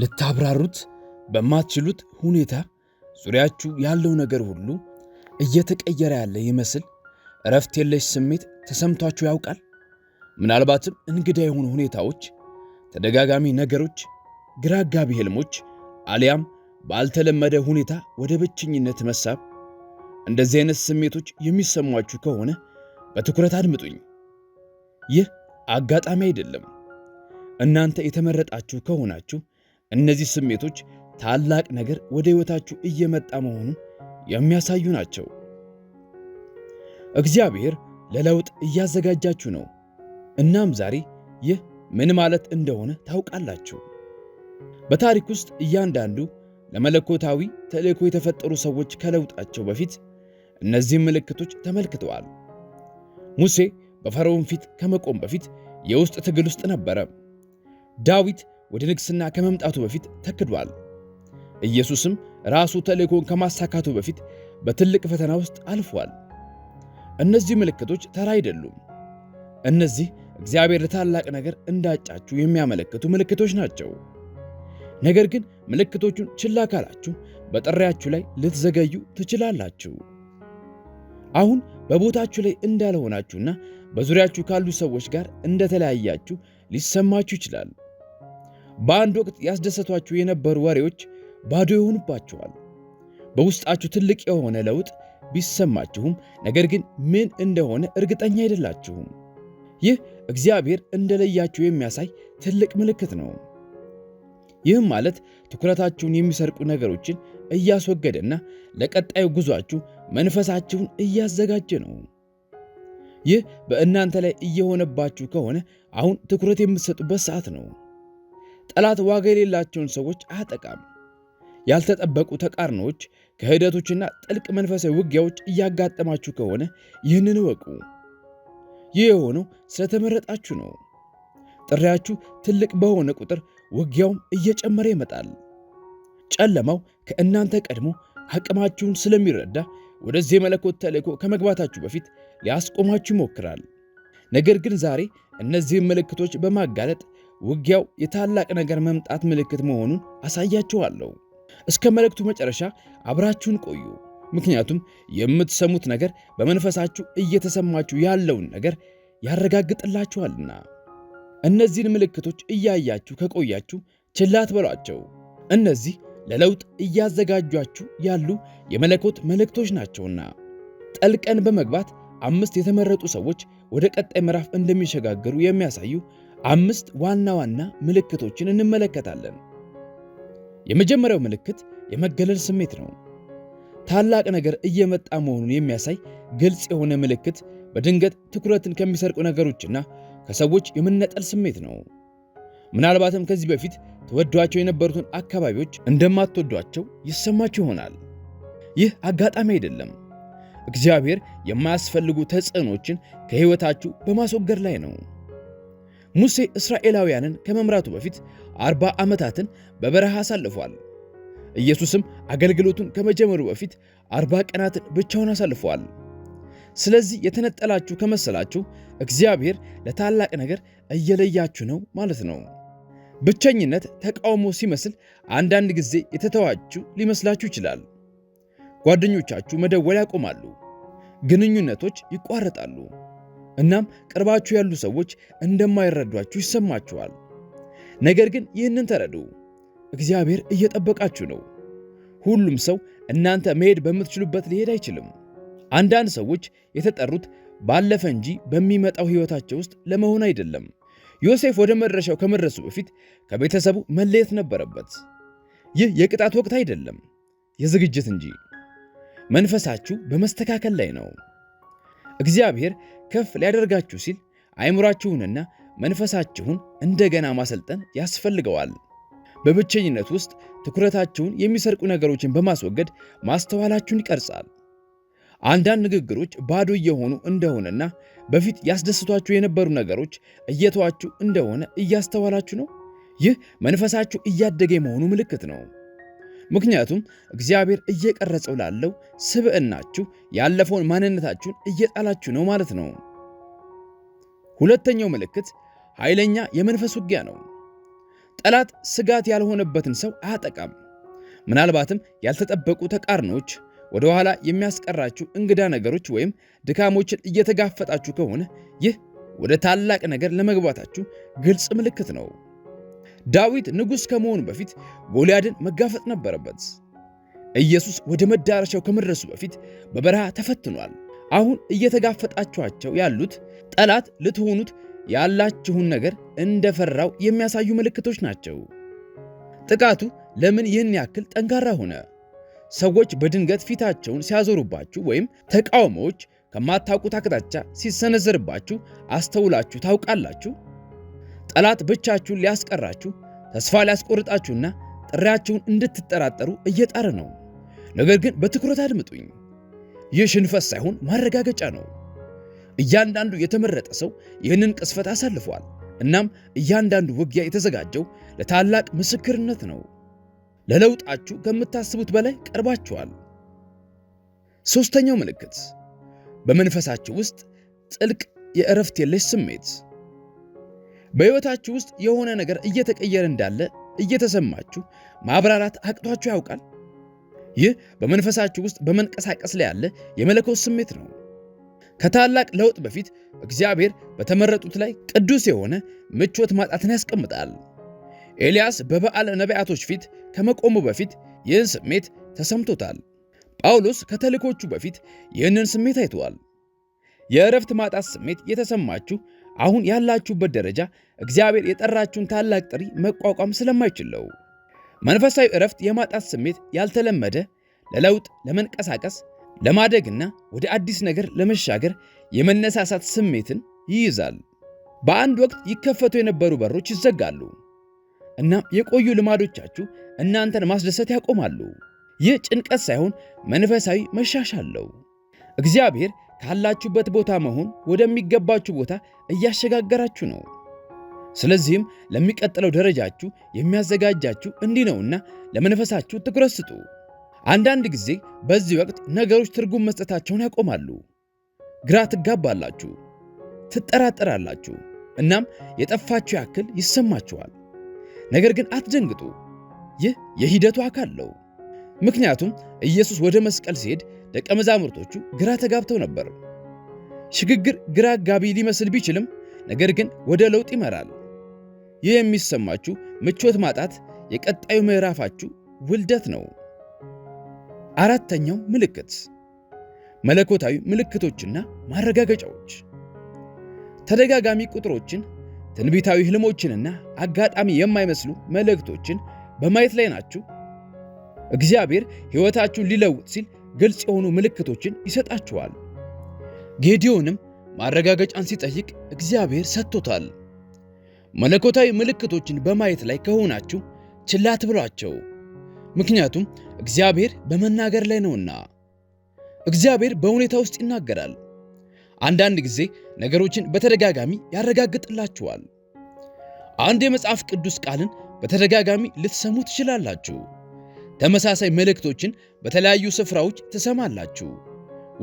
ልታብራሩት በማትችሉት ሁኔታ ዙሪያችሁ ያለው ነገር ሁሉ እየተቀየረ ያለ ይመስል እረፍት የለሽ ስሜት ተሰምቷችሁ ያውቃል? ምናልባትም እንግዳ የሆኑ ሁኔታዎች፣ ተደጋጋሚ ነገሮች፣ ግራጋቢ ህልሞች አሊያም ባልተለመደ ሁኔታ ወደ ብቸኝነት መሳብ። እንደዚህ አይነት ስሜቶች የሚሰሟችሁ ከሆነ በትኩረት አድምጡኝ። ይህ አጋጣሚ አይደለም። እናንተ የተመረጣችሁ ከሆናችሁ እነዚህ ስሜቶች ታላቅ ነገር ወደ ሕይወታችሁ እየመጣ መሆኑ የሚያሳዩ ናቸው። እግዚአብሔር ለለውጥ እያዘጋጃችሁ ነው። እናም ዛሬ ይህ ምን ማለት እንደሆነ ታውቃላችሁ። በታሪክ ውስጥ እያንዳንዱ ለመለኮታዊ ተልእኮ የተፈጠሩ ሰዎች ከለውጣቸው በፊት እነዚህም ምልክቶች ተመልክተዋል። ሙሴ በፈርዖን ፊት ከመቆም በፊት የውስጥ ትግል ውስጥ ነበረ። ዳዊት ወደ ንግሥና ከመምጣቱ በፊት ተክዷል። ኢየሱስም ራሱ ተልእኮን ከማሳካቱ በፊት በትልቅ ፈተና ውስጥ አልፏል። እነዚህ ምልክቶች ተራ አይደሉም። እነዚህ እግዚአብሔር ለታላቅ ነገር እንዳጫችሁ የሚያመለክቱ ምልክቶች ናቸው። ነገር ግን ምልክቶቹን ችላ ካላችሁ በጥሪያችሁ ላይ ልትዘገዩ ትችላላችሁ። አሁን በቦታችሁ ላይ እንዳልሆናችሁና በዙሪያችሁ ካሉ ሰዎች ጋር እንደተለያያችሁ ሊሰማችሁ ይችላል። በአንድ ወቅት ያስደሰቷችሁ የነበሩ ወሬዎች ባዶ ይሆኑባችኋል። በውስጣችሁ ትልቅ የሆነ ለውጥ ቢሰማችሁም ነገር ግን ምን እንደሆነ እርግጠኛ አይደላችሁም። ይህ እግዚአብሔር እንደለያችሁ የሚያሳይ ትልቅ ምልክት ነው። ይህም ማለት ትኩረታችሁን የሚሰርቁ ነገሮችን እያስወገደና ለቀጣዩ ጉዟችሁ መንፈሳችሁን እያዘጋጀ ነው። ይህ በእናንተ ላይ እየሆነባችሁ ከሆነ አሁን ትኩረት የምትሰጡበት ሰዓት ነው። ጠላት ዋጋ የሌላቸውን ሰዎች አያጠቃም። ያልተጠበቁ ተቃርኖዎች፣ ክህደቶችና ጥልቅ መንፈሳዊ ውጊያዎች እያጋጠማችሁ ከሆነ ይህንን እወቁ። ይህ የሆነው ስለተመረጣችሁ ነው። ጥሪያችሁ ትልቅ በሆነ ቁጥር ውጊያውም እየጨመረ ይመጣል። ጨለማው ከእናንተ ቀድሞ አቅማችሁን ስለሚረዳ ወደዚህ የመለኮት ተልእኮ ከመግባታችሁ በፊት ሊያስቆማችሁ ይሞክራል። ነገር ግን ዛሬ እነዚህን ምልክቶች በማጋለጥ ውጊያው የታላቅ ነገር መምጣት ምልክት መሆኑን አሳያችኋለሁ። እስከ መልእክቱ መጨረሻ አብራችሁን ቆዩ፣ ምክንያቱም የምትሰሙት ነገር በመንፈሳችሁ እየተሰማችሁ ያለውን ነገር ያረጋግጥላችኋልና። እነዚህን ምልክቶች እያያችሁ ከቆያችሁ ችላ አትበሏቸው። እነዚህ ለለውጥ እያዘጋጇችሁ ያሉ የመለኮት መልእክቶች ናቸውና። ጠልቀን በመግባት አምስት የተመረጡ ሰዎች ወደ ቀጣይ ምዕራፍ እንደሚሸጋገሩ የሚያሳዩ አምስት ዋና ዋና ምልክቶችን እንመለከታለን። የመጀመሪያው ምልክት የመገለል ስሜት ነው። ታላቅ ነገር እየመጣ መሆኑን የሚያሳይ ግልጽ የሆነ ምልክት በድንገት ትኩረትን ከሚሰርቁ ነገሮችና ከሰዎች የመነጠል ስሜት ነው። ምናልባትም ከዚህ በፊት ተወዷቸው የነበሩትን አካባቢዎች እንደማትወዷቸው ይሰማችሁ ይሆናል። ይህ አጋጣሚ አይደለም። እግዚአብሔር የማያስፈልጉ ተጽዕኖችን ከሕይወታችሁ በማስወገድ ላይ ነው። ሙሴ እስራኤላውያንን ከመምራቱ በፊት አርባ ዓመታትን በበረሃ አሳልፏል። ኢየሱስም አገልግሎቱን ከመጀመሩ በፊት አርባ ቀናትን ብቻውን አሳልፏል። ስለዚህ የተነጠላችሁ ከመሰላችሁ እግዚአብሔር ለታላቅ ነገር እየለያችሁ ነው ማለት ነው። ብቸኝነት ተቃውሞ ሲመስል አንዳንድ ጊዜ የተተዋችሁ ሊመስላችሁ ይችላል። ጓደኞቻችሁ መደወል ያቆማሉ፣ ግንኙነቶች ይቋረጣሉ። እናም ቅርባችሁ ያሉ ሰዎች እንደማይረዷችሁ ይሰማችኋል። ነገር ግን ይህንን ተረዱ፣ እግዚአብሔር እየጠበቃችሁ ነው። ሁሉም ሰው እናንተ መሄድ በምትችሉበት ሊሄድ አይችልም። አንዳንድ ሰዎች የተጠሩት ባለፈ እንጂ በሚመጣው ሕይወታቸው ውስጥ ለመሆን አይደለም። ዮሴፍ ወደ መድረሻው ከመድረሱ በፊት ከቤተሰቡ መለየት ነበረበት። ይህ የቅጣት ወቅት አይደለም፣ የዝግጅት እንጂ። መንፈሳችሁ በመስተካከል ላይ ነው። እግዚአብሔር ከፍ ሊያደርጋችሁ ሲል አእምሯችሁንና መንፈሳችሁን እንደገና ማሰልጠን ያስፈልገዋል። በብቸኝነት ውስጥ ትኩረታችሁን የሚሰርቁ ነገሮችን በማስወገድ ማስተዋላችሁን ይቀርጻል። አንዳንድ ንግግሮች ባዶ እየሆኑ እንደሆነና በፊት ያስደስቷችሁ የነበሩ ነገሮች እየተዋችሁ እንደሆነ እያስተዋላችሁ ነው። ይህ መንፈሳችሁ እያደገ የመሆኑ ምልክት ነው። ምክንያቱም እግዚአብሔር እየቀረጸው ላለው ስብዕናችሁ ያለፈውን ማንነታችሁን እየጣላችሁ ነው ማለት ነው። ሁለተኛው ምልክት ኃይለኛ የመንፈስ ውጊያ ነው። ጠላት ስጋት ያልሆነበትን ሰው አያጠቃም። ምናልባትም ያልተጠበቁ ተቃርኖች፣ ወደ ኋላ የሚያስቀራችሁ እንግዳ ነገሮች ወይም ድካሞችን እየተጋፈጣችሁ ከሆነ ይህ ወደ ታላቅ ነገር ለመግባታችሁ ግልጽ ምልክት ነው። ዳዊት ንጉሥ ከመሆኑ በፊት ጎልያድን መጋፈጥ ነበረበት። ኢየሱስ ወደ መዳረሻው ከመድረሱ በፊት በበረሃ ተፈትኗል። አሁን እየተጋፈጣችኋቸው ያሉት ጠላት ልትሆኑት ያላችሁን ነገር እንደፈራው የሚያሳዩ ምልክቶች ናቸው። ጥቃቱ ለምን ይህን ያክል ጠንካራ ሆነ? ሰዎች በድንገት ፊታቸውን ሲያዞሩባችሁ ወይም ተቃውሞዎች ከማታውቁት አቅጣጫ ሲሰነዘርባችሁ አስተውላችሁ ታውቃላችሁ? ጠላት ብቻችሁን ሊያስቀራችሁ ተስፋ ሊያስቆርጣችሁና ጥሪያችሁን እንድትጠራጠሩ እየጣረ ነው። ነገር ግን በትኩረት አድምጡኝ። ይህ ሽንፈት ሳይሆን ማረጋገጫ ነው። እያንዳንዱ የተመረጠ ሰው ይህንን ቅስፈት አሳልፏል። እናም እያንዳንዱ ውጊያ የተዘጋጀው ለታላቅ ምስክርነት ነው። ለለውጣችሁ ከምታስቡት በላይ ቀርባችኋል። ሦስተኛው ምልክት በመንፈሳችሁ ውስጥ ጥልቅ የእረፍት የለሽ ስሜት በሕይወታችሁ ውስጥ የሆነ ነገር እየተቀየረ እንዳለ እየተሰማችሁ ማብራራት አቅቷችሁ ያውቃል? ይህ በመንፈሳችሁ ውስጥ በመንቀሳቀስ ላይ ያለ የመለኮት ስሜት ነው። ከታላቅ ለውጥ በፊት እግዚአብሔር በተመረጡት ላይ ቅዱስ የሆነ ምቾት ማጣትን ያስቀምጣል። ኤልያስ በበዓለ ነቢያቶች ፊት ከመቆሙ በፊት ይህን ስሜት ተሰምቶታል። ጳውሎስ ከተልኮቹ በፊት ይህንን ስሜት አይተዋል። የእረፍት ማጣት ስሜት የተሰማችሁ አሁን ያላችሁበት ደረጃ እግዚአብሔር የጠራችሁን ታላቅ ጥሪ መቋቋም ስለማይችል ነው። መንፈሳዊ እረፍት የማጣት ስሜት ያልተለመደ፣ ለለውጥ ለመንቀሳቀስ ለማደግና ወደ አዲስ ነገር ለመሻገር የመነሳሳት ስሜትን ይይዛል። በአንድ ወቅት ይከፈቱ የነበሩ በሮች ይዘጋሉ። እናም የቆዩ ልማዶቻችሁ እናንተን ማስደሰት ያቆማሉ። ይህ ጭንቀት ሳይሆን መንፈሳዊ መሻሻል ነው። እግዚአብሔር ካላችሁበት ቦታ መሆን ወደሚገባችሁ ቦታ እያሸጋገራችሁ ነው። ስለዚህም ለሚቀጥለው ደረጃችሁ የሚያዘጋጃችሁ እንዲህ ነውና ለመንፈሳችሁ ትኩረት ስጡ። አንዳንድ ጊዜ በዚህ ወቅት ነገሮች ትርጉም መስጠታቸውን ያቆማሉ። ግራ ትጋባላችሁ፣ ትጠራጠራላችሁ፣ እናም የጠፋችሁ ያክል ይሰማችኋል። ነገር ግን አትደንግጡ፣ ይህ የሂደቱ አካል ነው። ምክንያቱም ኢየሱስ ወደ መስቀል ሲሄድ ደቀ መዛሙርቶቹ ግራ ተጋብተው ነበር። ሽግግር ግራ አጋቢ ሊመስል ቢችልም ነገር ግን ወደ ለውጥ ይመራል። ይህ የሚሰማችሁ ምቾት ማጣት የቀጣዩ ምዕራፋችሁ ውልደት ነው። አራተኛው ምልክት መለኮታዊ ምልክቶችና ማረጋገጫዎች ተደጋጋሚ ቁጥሮችን፣ ትንቢታዊ ህልሞችንና አጋጣሚ የማይመስሉ መልእክቶችን በማየት ላይ ናችሁ? እግዚአብሔር ሕይወታችሁን ሊለውጥ ሲል ግልጽ የሆኑ ምልክቶችን ይሰጣችኋል። ጌዲዮንም ማረጋገጫን ሲጠይቅ እግዚአብሔር ሰጥቶታል። መለኮታዊ ምልክቶችን በማየት ላይ ከሆናችሁ ችላ ብሏቸው ምክንያቱም እግዚአብሔር በመናገር ላይ ነውና። እግዚአብሔር በሁኔታ ውስጥ ይናገራል። አንዳንድ ጊዜ ነገሮችን በተደጋጋሚ ያረጋግጥላችኋል። አንድ የመጽሐፍ ቅዱስ ቃልን በተደጋጋሚ ልትሰሙ ትችላላችሁ። ተመሳሳይ መልእክቶችን በተለያዩ ስፍራዎች ትሰማላችሁ።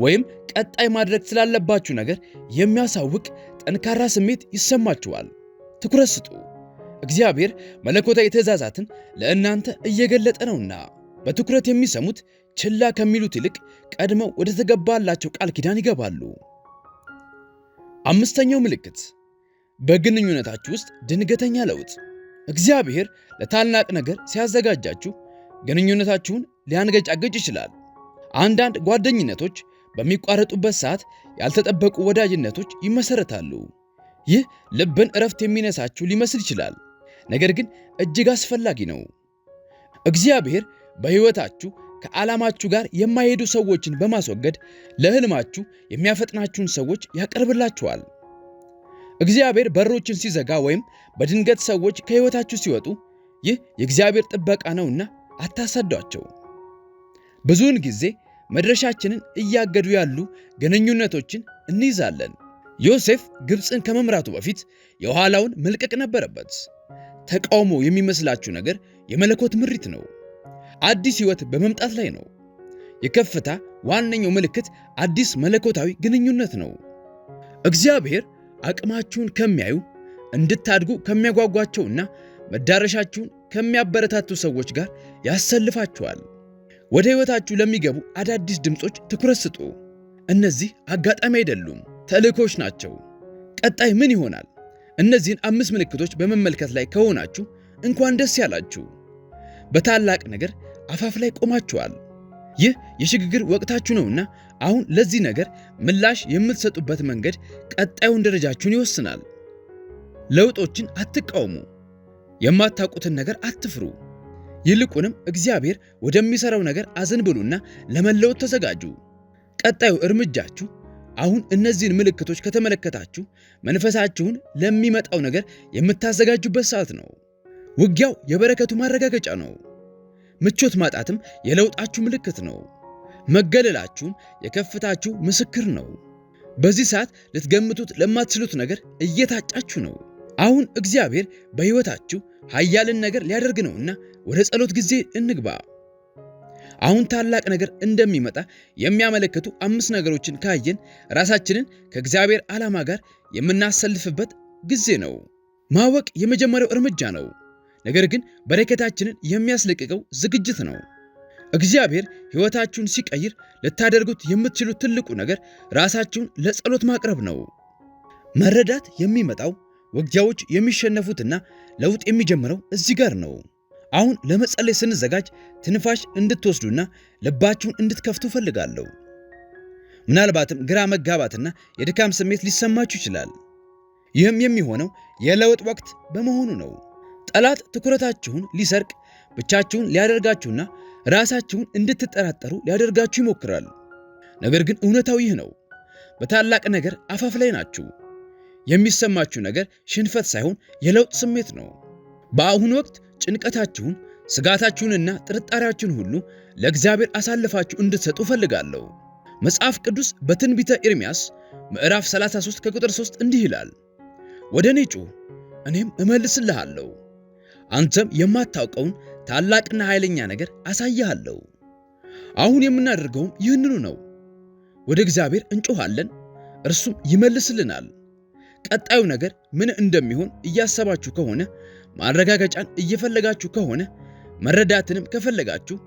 ወይም ቀጣይ ማድረግ ስላለባችሁ ነገር የሚያሳውቅ ጠንካራ ስሜት ይሰማችኋል። ትኩረት ስጡ። እግዚአብሔር መለኮታዊ ትእዛዛትን ለእናንተ እየገለጠ ነውና በትኩረት የሚሰሙት ችላ ከሚሉት ይልቅ ቀድመው ወደ ተገባላቸው ቃል ኪዳን ይገባሉ። አምስተኛው ምልክት በግንኙነታችሁ ውስጥ ድንገተኛ ለውጥ። እግዚአብሔር ለታላቅ ነገር ሲያዘጋጃችሁ ግንኙነታችሁን ሊያንገጫግጭ ይችላል። አንዳንድ ጓደኝነቶች በሚቋረጡበት ሰዓት ያልተጠበቁ ወዳጅነቶች ይመሰረታሉ። ይህ ልብን እረፍት የሚነሳችሁ ሊመስል ይችላል፣ ነገር ግን እጅግ አስፈላጊ ነው። እግዚአብሔር በሕይወታችሁ ከዓላማችሁ ጋር የማይሄዱ ሰዎችን በማስወገድ ለሕልማችሁ የሚያፈጥናችሁን ሰዎች ያቀርብላችኋል። እግዚአብሔር በሮችን ሲዘጋ ወይም በድንገት ሰዎች ከሕይወታችሁ ሲወጡ ይህ የእግዚአብሔር ጥበቃ ነውና አታሰዷቸው። ብዙውን ጊዜ መድረሻችንን እያገዱ ያሉ ግንኙነቶችን እንይዛለን። ዮሴፍ ግብፅን ከመምራቱ በፊት የኋላውን መልቀቅ ነበረበት። ተቃውሞ የሚመስላችሁ ነገር የመለኮት ምሪት ነው። አዲስ ሕይወት በመምጣት ላይ ነው። የከፍታ ዋነኛው ምልክት አዲስ መለኮታዊ ግንኙነት ነው። እግዚአብሔር አቅማችሁን ከሚያዩ እንድታድጉ ከሚያጓጓቸውና መዳረሻችሁን ከሚያበረታቱ ሰዎች ጋር ያሰልፋችኋል። ወደ ሕይወታችሁ ለሚገቡ አዳዲስ ድምፆች ትኩረት ስጡ። እነዚህ አጋጣሚ አይደሉም፣ ተልእኮች ናቸው። ቀጣይ ምን ይሆናል? እነዚህን አምስት ምልክቶች በመመልከት ላይ ከሆናችሁ እንኳን ደስ ያላችሁ። በታላቅ ነገር አፋፍ ላይ ቆማችኋል። ይህ የሽግግር ወቅታችሁ ነውና አሁን ለዚህ ነገር ምላሽ የምትሰጡበት መንገድ ቀጣዩን ደረጃችሁን ይወስናል። ለውጦችን አትቃውሙ። የማታውቁትን ነገር አትፍሩ። ይልቁንም እግዚአብሔር ወደሚሰራው ነገር አዘንብሉና ለመለወጥ ተዘጋጁ። ቀጣዩ እርምጃችሁ አሁን እነዚህን ምልክቶች ከተመለከታችሁ መንፈሳችሁን ለሚመጣው ነገር የምታዘጋጁበት ሰዓት ነው። ውጊያው የበረከቱ ማረጋገጫ ነው። ምቾት ማጣትም የለውጣችሁ ምልክት ነው። መገለላችሁም የከፍታችሁ ምስክር ነው። በዚህ ሰዓት ልትገምቱት ለማትችሉት ነገር እየታጫችሁ ነው። አሁን እግዚአብሔር በሕይወታችሁ ኃያልን ነገር ሊያደርግ ነውና ወደ ጸሎት ጊዜ እንግባ። አሁን ታላቅ ነገር እንደሚመጣ የሚያመለክቱ አምስት ነገሮችን ካየን ራሳችንን ከእግዚአብሔር ዓላማ ጋር የምናሰልፍበት ጊዜ ነው። ማወቅ የመጀመሪያው እርምጃ ነው። ነገር ግን በረከታችንን የሚያስለቅቀው ዝግጅት ነው። እግዚአብሔር ሕይወታችሁን ሲቀይር ልታደርጉት የምትችሉት ትልቁ ነገር ራሳችሁን ለጸሎት ማቅረብ ነው። መረዳት የሚመጣው ውጊያዎች የሚሸነፉትና ለውጥ የሚጀምረው እዚህ ጋር ነው። አሁን ለመጸለይ ስንዘጋጅ ትንፋሽ እንድትወስዱና ልባችሁን እንድትከፍቱ እፈልጋለሁ። ምናልባትም ግራ መጋባትና የድካም ስሜት ሊሰማችሁ ይችላል። ይህም የሚሆነው የለውጥ ወቅት በመሆኑ ነው። ጠላት ትኩረታችሁን ሊሰርቅ፣ ብቻችሁን ሊያደርጋችሁና ራሳችሁን እንድትጠራጠሩ ሊያደርጋችሁ ይሞክራል። ነገር ግን እውነታው ይህ ነው። በታላቅ ነገር አፋፍ ላይ ናችሁ። የሚሰማችሁ ነገር ሽንፈት ሳይሆን የለውጥ ስሜት ነው። በአሁኑ ወቅት ጭንቀታችሁን፣ ስጋታችሁንና ጥርጣሬያችሁን ሁሉ ለእግዚአብሔር አሳልፋችሁ እንድትሰጡ እፈልጋለሁ። መጽሐፍ ቅዱስ በትንቢተ ኤርምያስ ምዕራፍ 33 ከቁጥር 3 እንዲህ ይላል፣ ወደ እኔ ጩህ እኔም እመልስልሃለሁ፣ አንተም የማታውቀውን ታላቅና ኃይለኛ ነገር አሳይሃለሁ። አሁን የምናደርገውም ይህንኑ ነው። ወደ እግዚአብሔር እንጮኋለን እርሱም ይመልስልናል። ቀጣዩ ነገር ምን እንደሚሆን እያሰባችሁ ከሆነ ማረጋገጫን እየፈለጋችሁ ከሆነ መረዳትንም ከፈለጋችሁ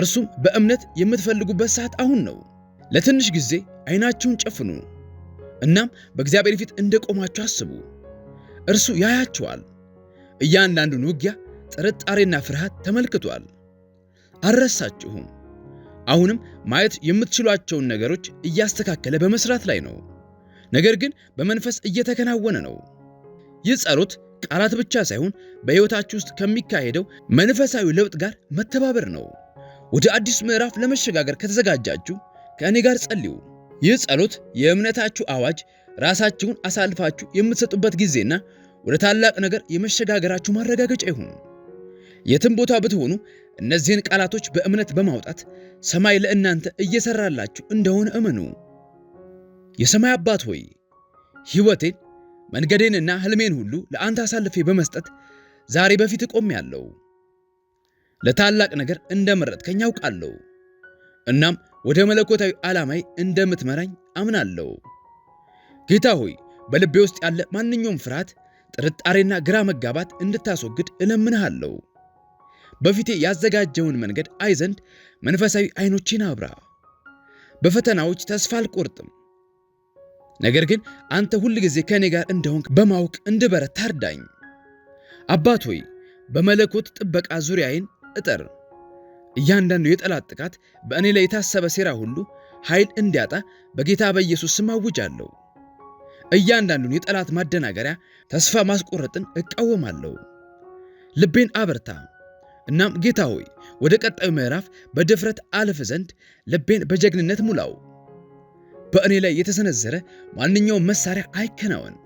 እርሱም በእምነት የምትፈልጉበት ሰዓት አሁን ነው። ለትንሽ ጊዜ አይናችሁን ጨፍኑ፣ እናም በእግዚአብሔር ፊት እንደቆማችሁ አስቡ። እርሱ ያያችኋል። እያንዳንዱን ውጊያ፣ ጥርጣሬና ፍርሃት ተመልክቷል። አልረሳችሁም። አሁንም ማየት የምትችሏቸውን ነገሮች እያስተካከለ በመስራት ላይ ነው። ነገር ግን በመንፈስ እየተከናወነ ነው። ይህ ጸሎት ቃላት ብቻ ሳይሆን በሕይወታችሁ ውስጥ ከሚካሄደው መንፈሳዊ ለውጥ ጋር መተባበር ነው። ወደ አዲስ ምዕራፍ ለመሸጋገር ከተዘጋጃችሁ ከእኔ ጋር ጸልዩ። ይህ ጸሎት የእምነታችሁ አዋጅ፣ ራሳችሁን አሳልፋችሁ የምትሰጡበት ጊዜና ወደ ታላቅ ነገር የመሸጋገራችሁ ማረጋገጫ ይሁን። የትም ቦታ ብትሆኑ እነዚህን ቃላቶች በእምነት በማውጣት ሰማይ ለእናንተ እየሰራላችሁ እንደሆነ እመኑ። የሰማይ አባት ሆይ ሕይወቴን መንገዴንና ሕልሜን ሁሉ ለአንተ አሳልፌ በመስጠት ዛሬ በፊት ቆሜያለሁ። ለታላቅ ነገር እንደመረጥከኝ አውቃለሁ። እናም ወደ መለኮታዊ ዓላማዬ እንደምትመራኝ አምናለሁ። ጌታ ሆይ በልቤ ውስጥ ያለ ማንኛውም ፍርሃት፣ ጥርጣሬና ግራ መጋባት እንድታስወግድ እለምንሃለሁ። በፊቴ ያዘጋጀውን መንገድ አይ ዘንድ መንፈሳዊ ዐይኖቼን አብራ። በፈተናዎች ተስፋ አልቆርጥም። ነገር ግን አንተ ሁል ጊዜ ከእኔ ጋር እንደሆንክ በማወቅ እንድበረታ እርዳኝ። አባት ሆይ በመለኮት ጥበቃ ዙሪያዬን እጠር። እያንዳንዱ የጠላት ጥቃት፣ በእኔ ላይ የታሰበ ሴራ ሁሉ ኃይል እንዲያጣ በጌታ በኢየሱስ ስም አውጃለሁ። እያንዳንዱን የጠላት ማደናገሪያ፣ ተስፋ ማስቆረጥን እቃወማለሁ። ልቤን አበርታ። እናም ጌታ ሆይ ወደ ቀጣዩ ምዕራፍ በድፍረት አልፍ ዘንድ ልቤን በጀግንነት ሙላው። በእኔ ላይ የተሰነዘረ ማንኛውም መሳሪያ አይከናወን።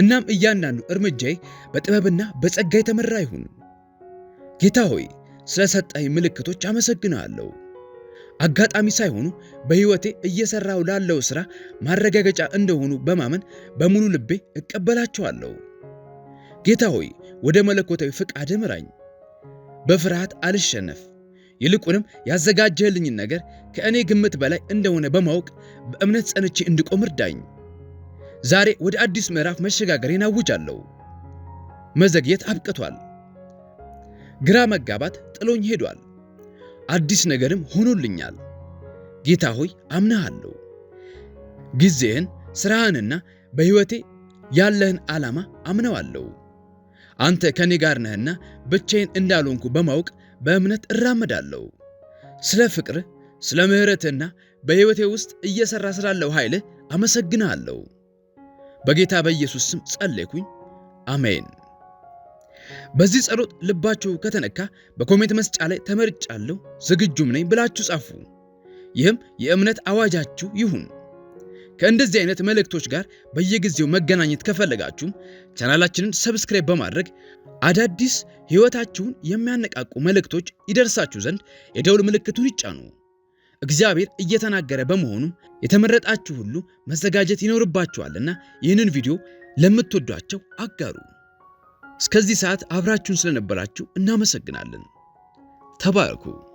እናም እያንዳንዱ እርምጃዬ በጥበብና በጸጋ የተመራ ይሁን። ጌታ ሆይ ስለ ምልክቶች አመሰግነዋለሁ። አጋጣሚ ሳይሆኑ በሕይወቴ እየሠራው ላለው ሥራ ማረጋገጫ እንደሆኑ በማመን በሙሉ ልቤ እቀበላቸዋለሁ። ጌታ ሆይ ወደ መለኮታዊ ፍቃድ ምራኝ። በፍርሃት አልሸነፍ። ይልቁንም ያዘጋጀህልኝን ነገር ከእኔ ግምት በላይ እንደሆነ በማወቅ በእምነት ጸንቼ እንድቆም እርዳኝ። ዛሬ ወደ አዲስ ምዕራፍ መሸጋገሬን አውጃለሁ። መዘግየት አብቅቷል። ግራ መጋባት ጥሎኝ ሄዷል። አዲስ ነገርም ሆኖልኛል። ጌታ ሆይ አምነሃለሁ። ጊዜህን፣ ሥራህንና በሕይወቴ ያለህን ዓላማ አምነዋለሁ። አንተ ከእኔ ጋር ነህና ብቻዬን እንዳልሆንኩ በማወቅ በእምነት እራመዳለሁ። ስለ ፍቅር፣ ስለ ምሕረትና በሕይወቴ ውስጥ እየሠራ ስላለው ኃይል አመሰግናለሁ። በጌታ በኢየሱስ ስም ጸለይኩኝ፣ አሜን። በዚህ ጸሎት ልባችሁ ከተነካ በኮሜንት መስጫ ላይ ተመርጫለሁ፣ ዝግጁም ነኝ ብላችሁ ጻፉ። ይህም የእምነት አዋጃችሁ ይሁን። ከእንደዚህ አይነት መልእክቶች ጋር በየጊዜው መገናኘት ከፈለጋችሁም ቻናላችንን ሰብስክራይብ በማድረግ አዳዲስ ሕይወታችሁን የሚያነቃቁ መልእክቶች ይደርሳችሁ ዘንድ የደውል ምልክቱን ይጫኑ። እግዚአብሔር እየተናገረ በመሆኑም የተመረጣችሁ ሁሉ መዘጋጀት ይኖርባችኋልና ይህንን ቪዲዮ ለምትወዷቸው አጋሩ። እስከዚህ ሰዓት አብራችሁን ስለነበራችሁ እናመሰግናለን። ተባረኩ።